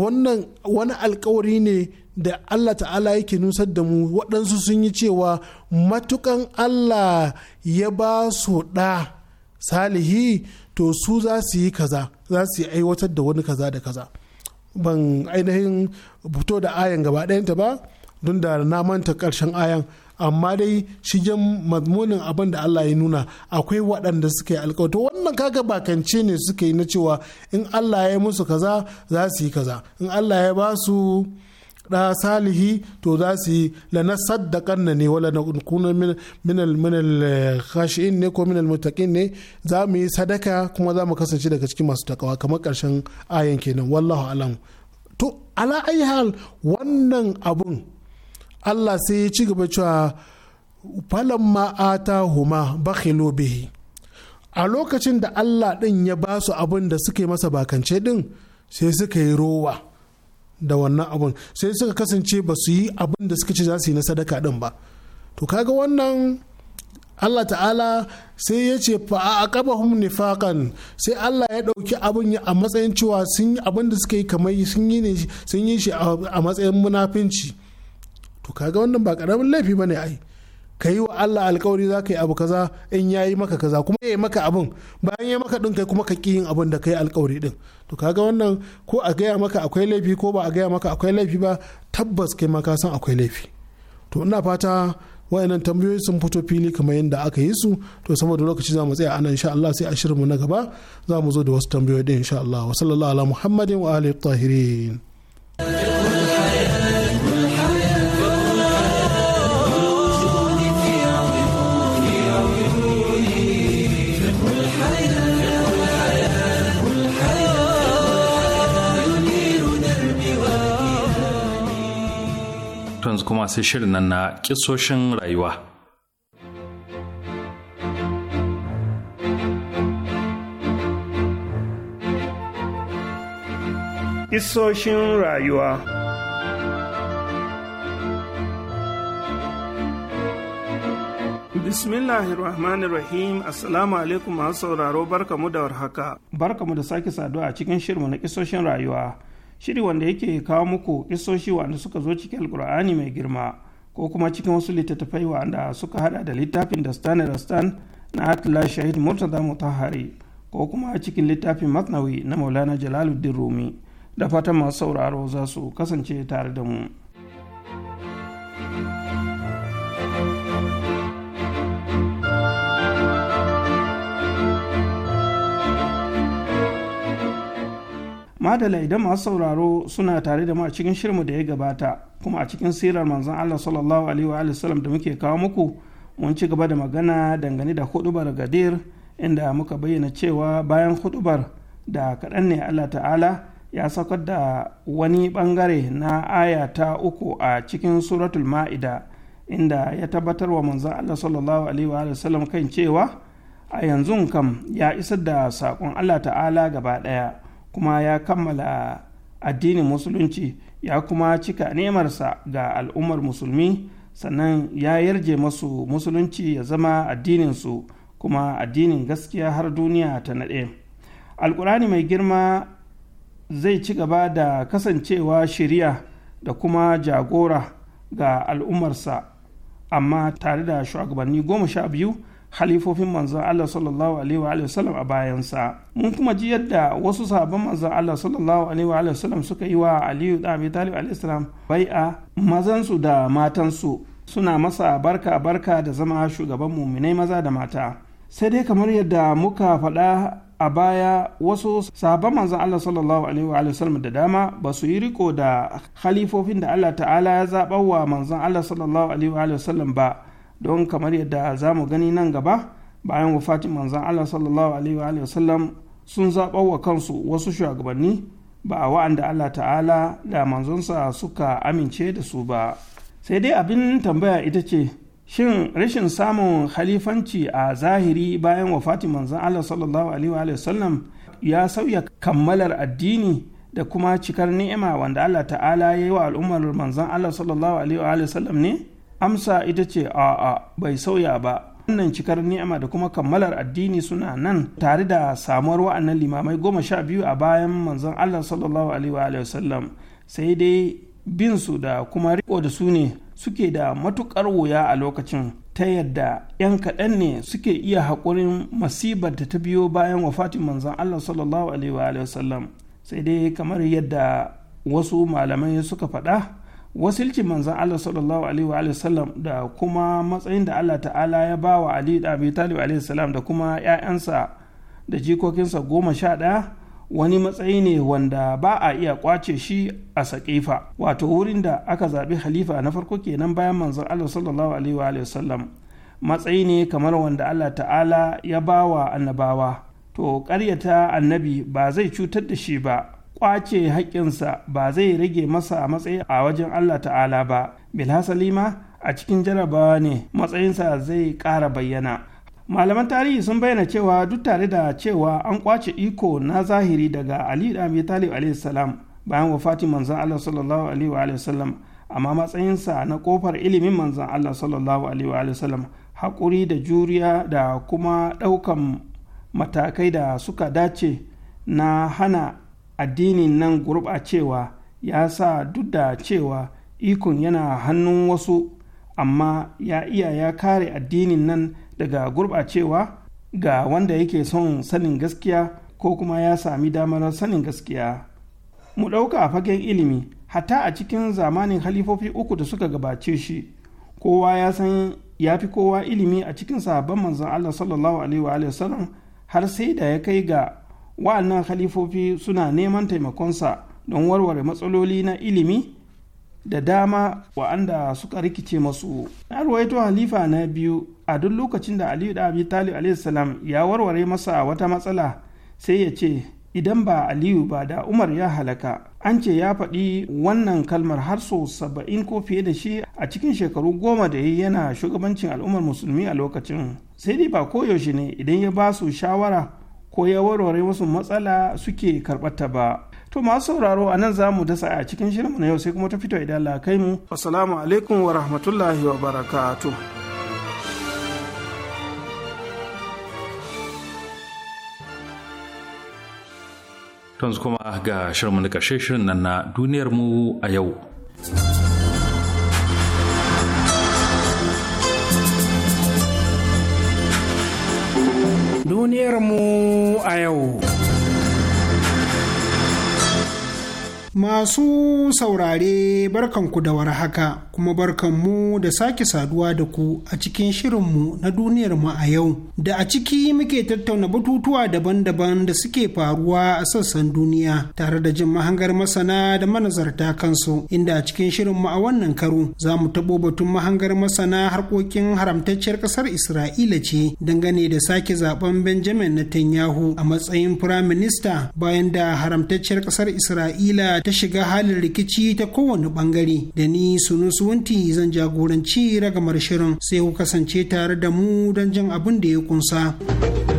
wannan wani alkawari ne da Allah ta'ala yake nusar da mu waɗansu sun yi cewa matukan Allah ya ba su ɗa salihi to su za su yi kaza za su yi aiwatar da wani kaza da kaza ban ainihin fito da ayan gaba ɗayanta ba don da na manta ƙarshen ayan amma dai shigen mazmunin abin da Allah ya nuna akwai waɗanda suka yi alkawato wannan kaga bakance ne suka yi na cewa in Allah ya yi musu kaza za su yi kaza in Allah ya ba su da salihi to za su yi lana na ne wala na kuna minal minal eh, khashi'in ne ko minal mutaqin ne za mu yi sadaka kuma za mu kasance daga cikin masu takawa kamar ƙarshen ayan kenan wallahu alam to ala hal wannan abun Allah sai ya ci gaba cewa falamma huma bakhilu bihi a lokacin da Allah ɗin ya ba su abin da suke masa bakance ɗin sai suka yi rowa da wannan abun sai suka kasance ba su yi abin da suka ce za su yi na sadaka din ba to kaga wannan Allah ta'ala sai ya ce fa a hum nifakan sai Allah ya ɗauki abin a matsayin cewa sun yi abin da suka yi kamar sun yi shi a matsayin munafinci to kaga wannan ba karamin laifi bane ai ka yi wa Allah alkawari za ka yi abu kaza in ya yi maka kaza kuma ya yi maka abin bayan ya maka din kai kuma ka ƙi yin abin da ka yi alkawari ɗin to kaga wannan ko a gaya maka akwai laifi ko ba a gaya maka akwai laifi ba tabbas kai ma ka san akwai laifi to ina fata wayannan tambayoyi sun fito fili kamar yadda aka yi su to saboda lokaci za mu tsaya anan insha Allah sai a mu na gaba za mu zo da wasu tambayoyi din insha Allah wa sallallahu ala muhammadin wa alihi tahirin kuma sai shirin nan na kisoshin rayuwa. Kisoshin rayuwa Rahim Assalamu alaikum masu sauraro barkamu da warhaka. Barkamu da sake saduwa a cikin shirmu na kisoshin rayuwa. shiri wanda yake kawo muku isoshi wanda suka zo cikin alkur'ani mai girma ko kuma cikin wasu littattafai wanda suka hada da littafin da stan da stan na atla shahid murtaza mutahari ko kuma cikin littafin matnawi na maulana jalaluddin rumi da fatan masu sauraro za su kasance tare da mu. madala idan masu sauraro suna tare da mu a cikin shirmu da ya gabata kuma a cikin sirar manzon Allah sallallahu alaihi wa sallam da muke kawo muku mun ci gaba da magana dangane da hudubar gadir inda muka bayyana cewa bayan hudubar da kaɗan ne Allah ta'ala ya saukar da wani bangare na aya ta uku a cikin suratul ma'ida inda ya tabbatar wa manzon Allah sallallahu alaihi wa sallam kan cewa a yanzu kam ya isar da sakon Allah ta'ala gaba ɗaya kuma ya kammala addinin musulunci ya kuma cika nemarsa ga al'ummar musulmi sannan ya yarje masu musulunci ya zama addininsu kuma addinin gaskiya har duniya ta naɗe alkurani mai girma zai ci gaba da kasancewa shiriya da kuma jagora ga al'ummarsa amma tare da shugabanni goma sha biyu halifofin manzon Allah sallallahu alaihi wa sallam a bayansa mun kuma ji yadda wasu sabon manzon Allah sallallahu alaihi wa sallam suka yi wa Aliyu da Abi Talib alaihi salam bai'a mazansu da matansu suna masa barka barka da zama shugaban muminai maza da mata sai dai kamar yadda muka faɗa a baya wasu sahabban manzon Allah sallallahu alaihi wa sallam da dama ba su yi riko da halifofin da Allah ta'ala ya zaɓa wa manzon Allah sallallahu alaihi wa sallam ba don kamar yadda za mu gani nan gaba bayan wafatin manzan Allah sallallahu alaihi wa sallam sun zaɓar wa kansu wasu shugabanni ba a wa'anda Allah ta'ala da manzansa suka amince da su ba sai dai abin tambaya ita ce shin rashin samun khalifanci a zahiri bayan wafatin manzan Allah sallallahu alaihi wa sallam ya sauya kammalar addini da kuma cikar ni'ima wanda Allah ta'ala ya yi wa al'ummar manzan Allah sallallahu alaihi wa sallam ne amsa ita ce a'a bai sauya ba wannan cikar ni'ima da kuma kammalar addini suna nan tare da samuwar wa'annan limamai goma sha biyu a bayan manzon allah sallallahu alaihi wa sallam sai dai bin su da kuma riko da su ne suke da matukar wuya a lokacin ta yadda 'yan kaɗan ne suke iya haƙurin masibar da ta biyo bayan wafatin manzon allah sallallahu alaihi wa sallam sai dai kamar yadda wasu malamai suka faɗa wasilcin manzan Allah sallallahu alaihi wa sallam da kuma matsayin da Allah ta'ala ya ba wa Ali da Abi Talib alaihi salam da kuma 'ya'yansa da jikokinsa goma sha ɗaya wani matsayi ne wanda ba a iya kwace shi a saƙifa wato wurin da aka zaɓi halifa na farko kenan bayan manzan Allah sallallahu alaihi wa sallam matsayi ne kamar wanda Allah ta'ala ya ba wa annabawa to ƙaryata annabi ba zai cutar da shi ba kwace haƙƙinsa ba zai rage masa matsayi a wajen Allah ta'ala ba bilhassali ma a cikin jarabawa ne matsayinsa zai ƙara bayyana malaman tarihi sun bayyana cewa duk tare da cewa an ƙwace iko na zahiri daga ali abi talib salam bayan wafatin manzon Allah sallallahu alaihi wa sallam amma matsayinsa na kofar ilimin manzon Allah sallallahu alaihi wa sallam haƙuri da juriya da kuma ɗaukan matakai da suka dace na hana addinin nan gurɓacewa ya sa duk da cewa ikon yana hannun wasu amma ya iya ya kare addinin nan daga gurɓacewa ga wanda yake son sanin gaskiya ko kuma ya sami damar sanin gaskiya mu ɗauka a fagen ilimi hatta a cikin zamanin halifofi uku da suka gabace shi kowa ya san ya fi kowa ilimi a cikin sabon manzon Allah sallallahu alaihi wa sallam har sai da ya kai ga wa'annan halifofi suna neman taimakonsa don warware matsaloli na ilimi da dama wa'anda suka rikice masu na ruwaito halifa na biyu a duk lokacin da aliyu da abi talib salam ya warware masa wata matsala sai ya ce idan ba aliyu ba da umar ya halaka an ce ya faɗi wannan kalmar har so saba'in ko fiye da shi a cikin shekaru goma da ya yana shugabancin al'ummar musulmi a lokacin sai dai ba koyaushe ne idan ya ba su shawara ko ya warware musu matsala suke karɓarta ba to masu sauraro a nan za mu dasa a cikin shirinmu na yau sai kuma ta fito idan la kai mu assalamu alaikum wa rahmatullahi wa barakatu. Tanzu kuma ga shirinmu na ƙarshe shirin nan na duniyar mu a yau. duniyarmu a yau. Masu saurare barkanku da war haka kuma barkanmu da sake saduwa da ku a cikin shirinmu na duniyar mu a yau da a ciki muke tattauna batutuwa daban-daban da suke faruwa a sassan duniya tare da jin mahangar masana da manazarta kansu inda a cikin shirinmu a wannan karo za mu taɓo batun mahangar masana harkokin haramtacciyar ƙasar Isra'ila ce dangane da sake zaben Benjamin Netanyahu a matsayin firaminista bayan da haramtacciyar ƙasar Isra'ila ta shiga halin rikici ta kowane bangare da ni suwanti zan jagoranci ragamar shirin sai ku kasance tare da mu don jin abin da ya kunsa.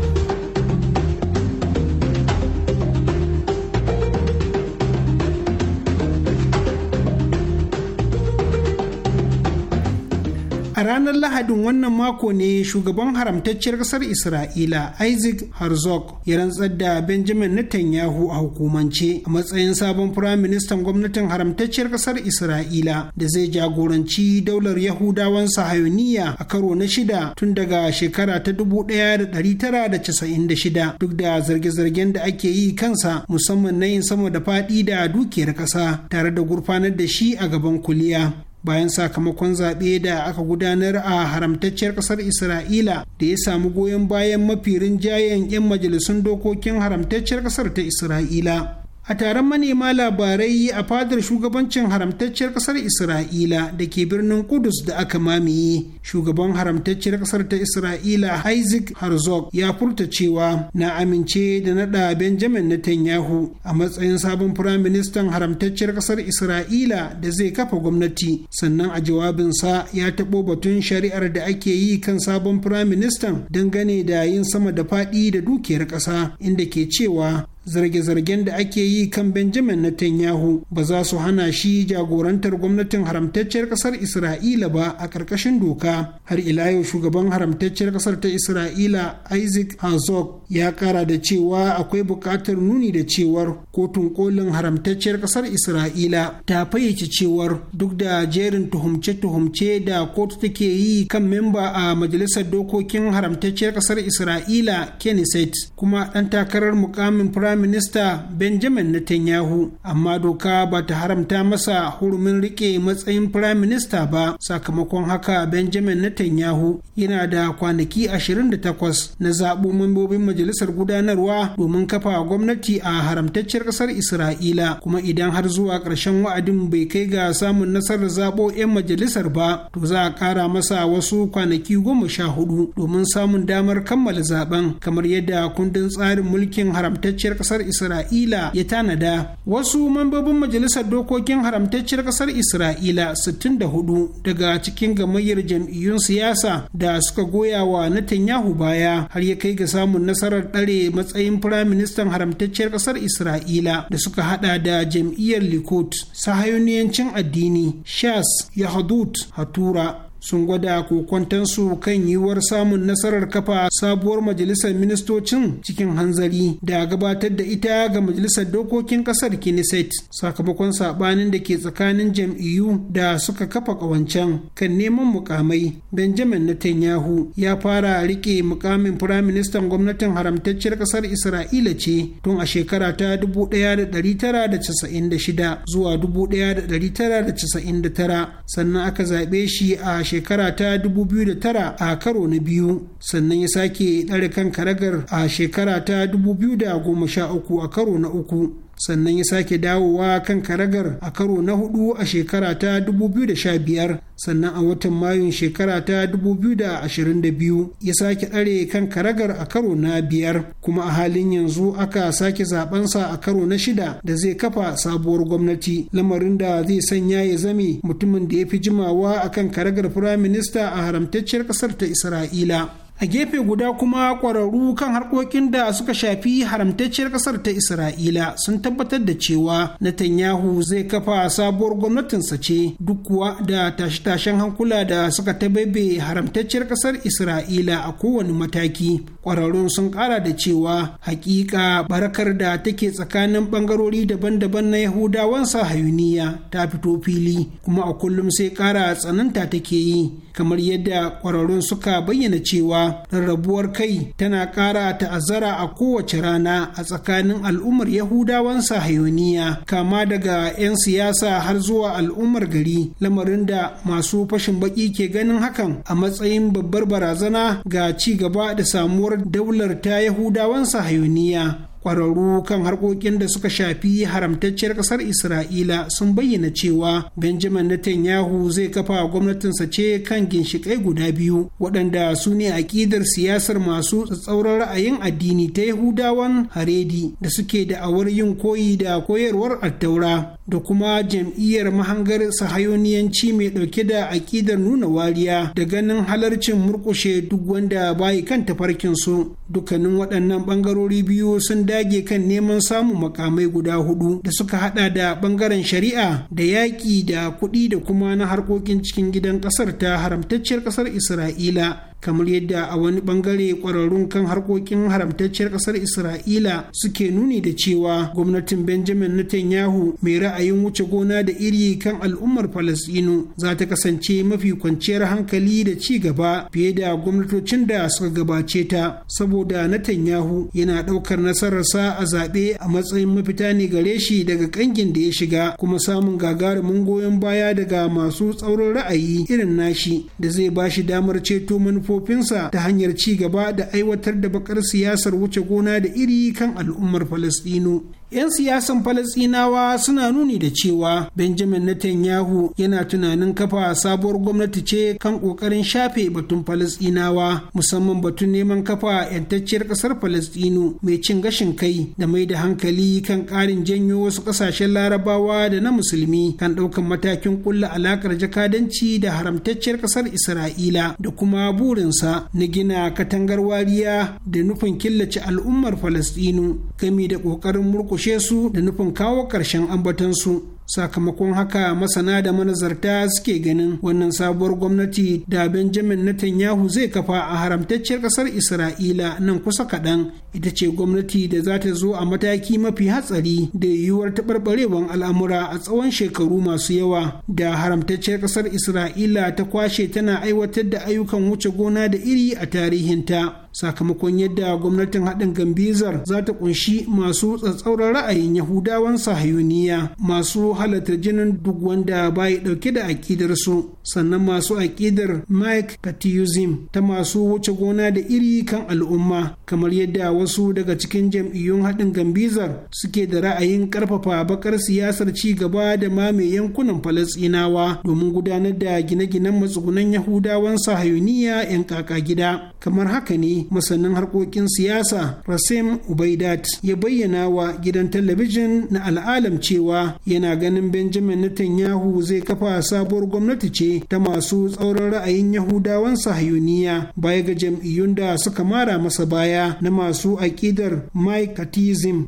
a ranar lahadin wannan mako ne shugaban haramtacciyar kasar isra'ila isaac herzog ya rantsar da benjamin netanyahu a hukumance a matsayin sabon firaministan gwamnatin haramtacciyar kasar isra'ila da zai jagoranci daular yahudawan sahayoniya a karo na shida tun daga shekara ta 1996 duk da zarge-zargen da ake yi kansa musamman na yin sama da faɗi da dukiyar ƙasa tare da gurfanar da shi a gaban kuliya bayan sakamakon zaɓe da aka gudanar a haramtacciyar ƙasar isra'ila da ya samu goyon bayan mafi rinjayen 'yan majalisun dokokin haramtacciyar ƙasar ta isra'ila a taron manema labarai a fadar shugabancin haramtacciyar kasar isra'ila da ke birnin kudus da aka mamaye shugaban haramtacciyar kasar ta isra'ila isaac harzog ya furta cewa na amince da nada benjamin netanyahu a matsayin sabon firaministan haramtacciyar kasar isra'ila da zai kafa gwamnati sannan a jawabinsa ya taɓo batun shari'ar da ake yi kan sabon firaministan dangane da yin sama da faɗi da dukiyar ƙasa inda ke cewa zarge-zargen da ake yi kan benjamin netanyahu ba za su hana shi jagorantar gwamnatin haramtacciyar kasar isra'ila ba a ƙarƙashin doka har ila yau shugaban haramtacciyar kasar ta isra'ila isaac herzog ya kara da cewa akwai buƙatar nuni da cewar kotun kolin haramtacciyar kasar isra'ila ta fayyace cewar duk da jerin tuhumce-tuhumce da kotu take yi kan memba a majalisar dokokin haramtacciyar kasar isra'ila kenneset kuma ɗan takarar mukamin firayim Firaminista Benjamin Netanyahu, amma doka ba ta haramta masa hurumin rike matsayin Firaminista ba, sakamakon haka Benjamin Netanyahu yana da kwanaki 28 na zaɓo mambobin majalisar gudanarwa domin kafa gwamnati a haramtacciyar ƙasar Isra'ila, kuma idan har zuwa ƙarshen wa'adin bai kai ga samun nasarar zaɓo 'yan majalisar ba, to za a ƙara masa wasu kwanaki goma sha hudu domin samun damar kammala zaben kamar yadda kundin tsarin mulkin haramtacciyar Ƙasar isra'ila ya tanada wasu mambobin majalisar dokokin haramtacciyar Ƙasar isra'ila 64 daga cikin gamayyar jam'iyyun siyasa da suka goya wa netanyahu baya har ya kai ga samun nasarar ɗare matsayin firaministan haramtacciyar Ƙasar isra'ila da suka haɗa da jam'iyyar likud sahayoniyancin addini shas yahudut hatura sun gwada kokwantansu kan yiwuwar samun nasarar kafa sabuwar majalisar ministocin cikin hanzari da gabatar da ita ga majalisar dokokin kasar kiniset sakamakon sabanin da ke tsakanin jam'iyyu da suka kafa kawancan kan neman mukamai benjamin netanyahu ya fara rike mukamin firaministan gwamnatin haramtacciyar kasar isra'ila ce tun a shekara ta 1996 zuwa 1999 sannan aka zaɓe shi a shekara ta 2009 a karo na biyu sannan ya sake ɗare karagar a shekara ta 2013 a karo na uku sannan ya sake dawowa kan karagar a karo na hudu a shekara ta 2015 sannan a watan mayun shekara ta 2022 ya sake ɗare kan karagar a karo na biyar kuma a halin yanzu aka sake zabensa a karo na shida da zai kafa sabuwar gwamnati lamarin da zai sanya ya zame mutumin da ya fi jimawa a kan karagar firaminista a haramtacciyar ƙasar ta isra'ila a gefe guda kuma ƙwararru kan harkokin da suka shafi haramtacciyar ƙasar ta isra'ila sun tabbatar da cewa netanyahu zai kafa sabuwar gwamnatinsa ce duk kuwa da tashe-tashen hankula da suka tabaibe haramtacciyar ƙasar isra'ila a kowane mataki kwararrun sun kara da cewa hakika barakar da take tsakanin bangarori daban-daban na yahudawan sahayuniya ta fito fili kuma a kullum sai kara tsananta take yi kamar yadda kwararrun suka bayyana cewa rarrabuwar kai tana kara ta'azzara a kowace rana a tsakanin al'ummar yahudawan sahayuniya kama daga 'yan siyasa har zuwa al'ummar gari lamarin da masu fashin baki ke ganin hakan a matsayin babbar barazana ga ci gaba da samuwar daular ta yahudawan sahayuniya kwararru kan harkokin da suka shafi haramtacciyar kasar isra'ila sun bayyana cewa benjamin netanyahu zai kafa gwamnatinsa ce kan ginshikai guda biyu waɗanda su ne aƙidar siyasar masu tsatsauran ra'ayin addini ta yahudawan haredi da suke da awar yin koyi da koyarwar attaura da kuma jam'iyyar mahangar sahayoniyanci mai ɗauke da aƙidar nuna wariya da ganin halarcin murƙushe duk wanda bayi kan tafarkinsu dukkanin waɗannan ɓangarori biyu sun dage kan neman samun makamai guda hudu da suka hada da bangaren shari'a da yaƙi da kuɗi da kuma na harkokin cikin gidan ƙasar ta haramtacciyar ƙasar isra'ila kamar yadda a wani bangare kwararrun kan harkokin haramtacciyar kasar isra'ila suke nuni da cewa gwamnatin benjamin netanyahu mai ra'ayin wuce gona da iri kan al'ummar falasinu za ta kasance mafi kwanciyar hankali da ci gaba fiye da gwamnatocin da suka gabace ta saboda netanyahu yana ɗaukar nasararsa a zaɓe a matsayin mafita ne gare shi daga kangin da ya shiga kuma samun gagarumin goyon baya daga masu tsaurin ra'ayi irin nashi da zai ba shi damar ceto manufa manufofinsa ta hanyar ci gaba da aiwatar da bakar siyasar wuce gona da iri kan al'ummar Falasɗinu. 'Yan siyasan Falasɗinawa suna nuni da cewa Benjamin Netanyahu yana tunanin kafa sabuwar gwamnati ce kan ƙoƙarin shafe batun Falasɗinawa musamman batun neman kafa 'yantacciyar ƙasar Falasɗinu mai cin gashin kai da mai da hankali kan ƙarin janyo wasu ƙasashen larabawa da na musulmi kan ɗaukan matakin ƙulla alaƙar jakadanci da haramtacciyar ƙasar Isra'ila da kuma burinsa na gina katangar wariya da nufin killace al'ummar Falasɗinu gami da ƙoƙarin murƙushe kushe su da nufin kawo ƙarshen ambatonsu sakamakon haka masana da manazarta suke ganin wannan sabuwar gwamnati da benjamin netanyahu zai kafa a haramtacciyar kasar isra'ila nan kusa kaɗan ita ce gwamnati da za ta zo a mataki mafi hatsari da yiwuwar taɓarɓarewar al'amura a tsawon shekaru masu yawa da haramtacciyar kasar isra'ila ta kwashe tana aiwatar da ayyukan wuce gona da iri a tarihinta sakamakon yadda gwamnatin haɗin gambizar za ta ƙunshi masu tsatsauran ra'ayin yahudawan sahayuniya masu halatta jinin duk wanda bai dauke da akidar su sannan masu akidar mike katiyuzim ta masu wuce gona da iri kan al'umma kamar yadda wasu daga cikin jam'iyyun haɗin gambizar suke da ra'ayin karfafa bakar siyasar ci gaba da mame yankunan falasinawa domin gudanar da gine-ginen matsugunan yahudawan sahayuniya 'yan kaka gida kamar haka ne masanin harkokin siyasa rasim ubaidat ya bayyana wa gidan talabijin na al'alam cewa yana ganin ganin benjamin netanyahu zai kafa sabuwar gwamnati ce ta masu tsauran ra'ayin yahudawan sahayuniya baya ga jam'iyyun da suka mara masa baya na masu aƙidar mike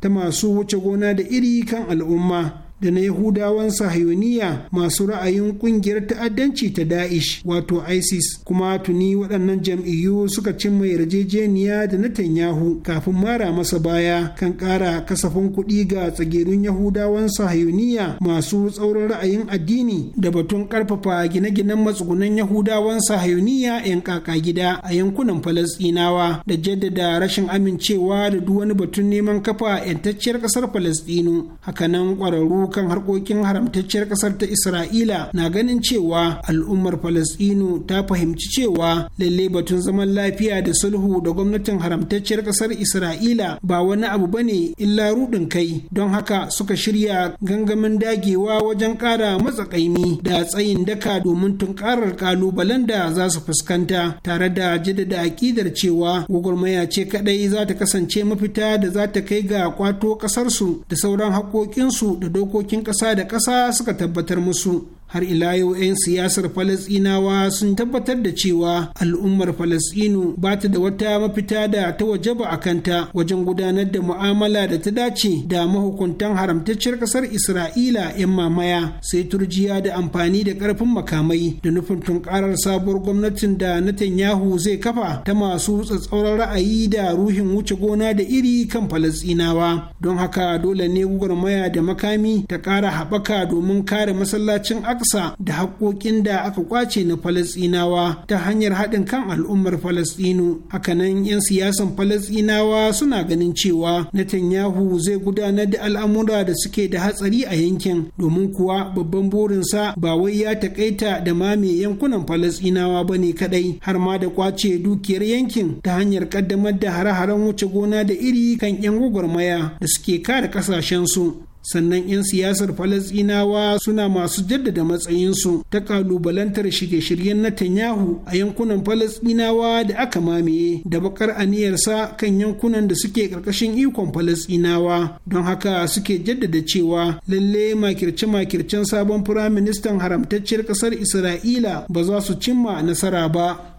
ta masu wuce gona da iri kan al'umma da na Yahudawan Sahayoniya masu ra'ayin kungiyar ta'addanci ta Da'ish wato ISIS kuma tuni waɗannan jam'iyyu suka cimma yarjejeniya da na tanyahu kafin mara masa baya kan ƙara kasafin kuɗi ga tsagerun Yahudawan Sahayoniya masu tsaurin ra'ayin addini da batun ƙarfafa gine-ginen matsugunan Yahudawan Sahayoniya 'yan kaka gida a yankunan Falasɗinawa da jaddada rashin amincewa da duk wani batun neman kafa 'yantacciyar ƙasar Falasɗinu hakanan ƙwararru kan harkokin haramtacciyar kasar ta isra'ila na ganin cewa al'ummar falastinu ta fahimci cewa lalle batun zaman lafiya da sulhu da gwamnatin haramtacciyar kasar isra'ila ba wani abu bane illa rudin kai don haka suka shirya gangamin dagewa wajen kara kaimi da tsayin daka domin tunkarar ƙalubalen da za su fuskanta tare da jaddada aƙidar cewa gwagwarmaya ce kadai za ta kasance mafita da za ta kai ga kwato kasarsu da sauran haƙoƙinsu da dokokin dokokin ƙasa da ƙasa suka tabbatar musu har ila yau 'yan siyasar falasinawa sun tabbatar da cewa al'ummar falasinu ba ta da wata mafita da ta wajaba a kanta wajen gudanar da mu'amala da ta dace da mahukuntan haramtacciyar kasar isra'ila 'yan mamaya sai turjiya da amfani da ƙarfin makamai da nufin tunkarar sabuwar gwamnatin da netanyahu zai kafa ta masu tsatsauran ra'ayi da ruhin wuce gona da iri kan falasinawa don haka dole ne gwagwarmaya da makami ta ƙara haɓaka domin kare masallacin aka al da haƙoƙin da aka kwace na Falasɗinawa ta hanyar haɗin kan al'ummar Falasɗinu. Hakanan 'yan siyasan Falasɗinawa suna ganin cewa Netanyahu zai gudanar da al'amura da suke da hatsari a yankin domin kuwa babban burinsa ba wai ya taƙaita da mame yankunan Falasɗinawa ba ne kaɗai har ma da kwace dukiyar yankin ta hanyar ƙaddamar da hare-haren wuce gona da iri kan 'yan gwagwarmaya da suke kare ƙasashensu. sannan 'yan siyasar falasinawa suna masu jaddada matsayinsu ta kalubalantar shirye-shiryen Netanyahu a yankunan falasinawa da aka mamaye da bakar aniyarsa kan yankunan da suke karkashin ikon falasinawa don haka suke jaddada cewa lalle makirce-makircen sabon firaministan haramtacciyar kasar isra'ila ba za su cimma nasara ba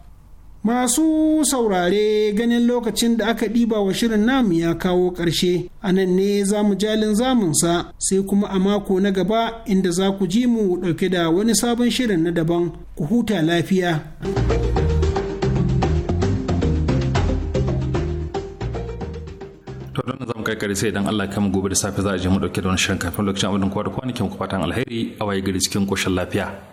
Masu saurare ganin lokacin da aka ɗiba wa shirin namu ya kawo ƙarshe, a nan ne za mu jalin zamunsa sai kuma a mako na gaba inda za ku ji mu ɗauke da wani sabon shirin na daban ku huta lafiya. To don za kai kare sai idan Allah kama gobe da safe za a je mu ɗauke da wani shirin kafin lokacin abin kowa da kwanakin ku fatan alheri a waye gari cikin koshin lafiya.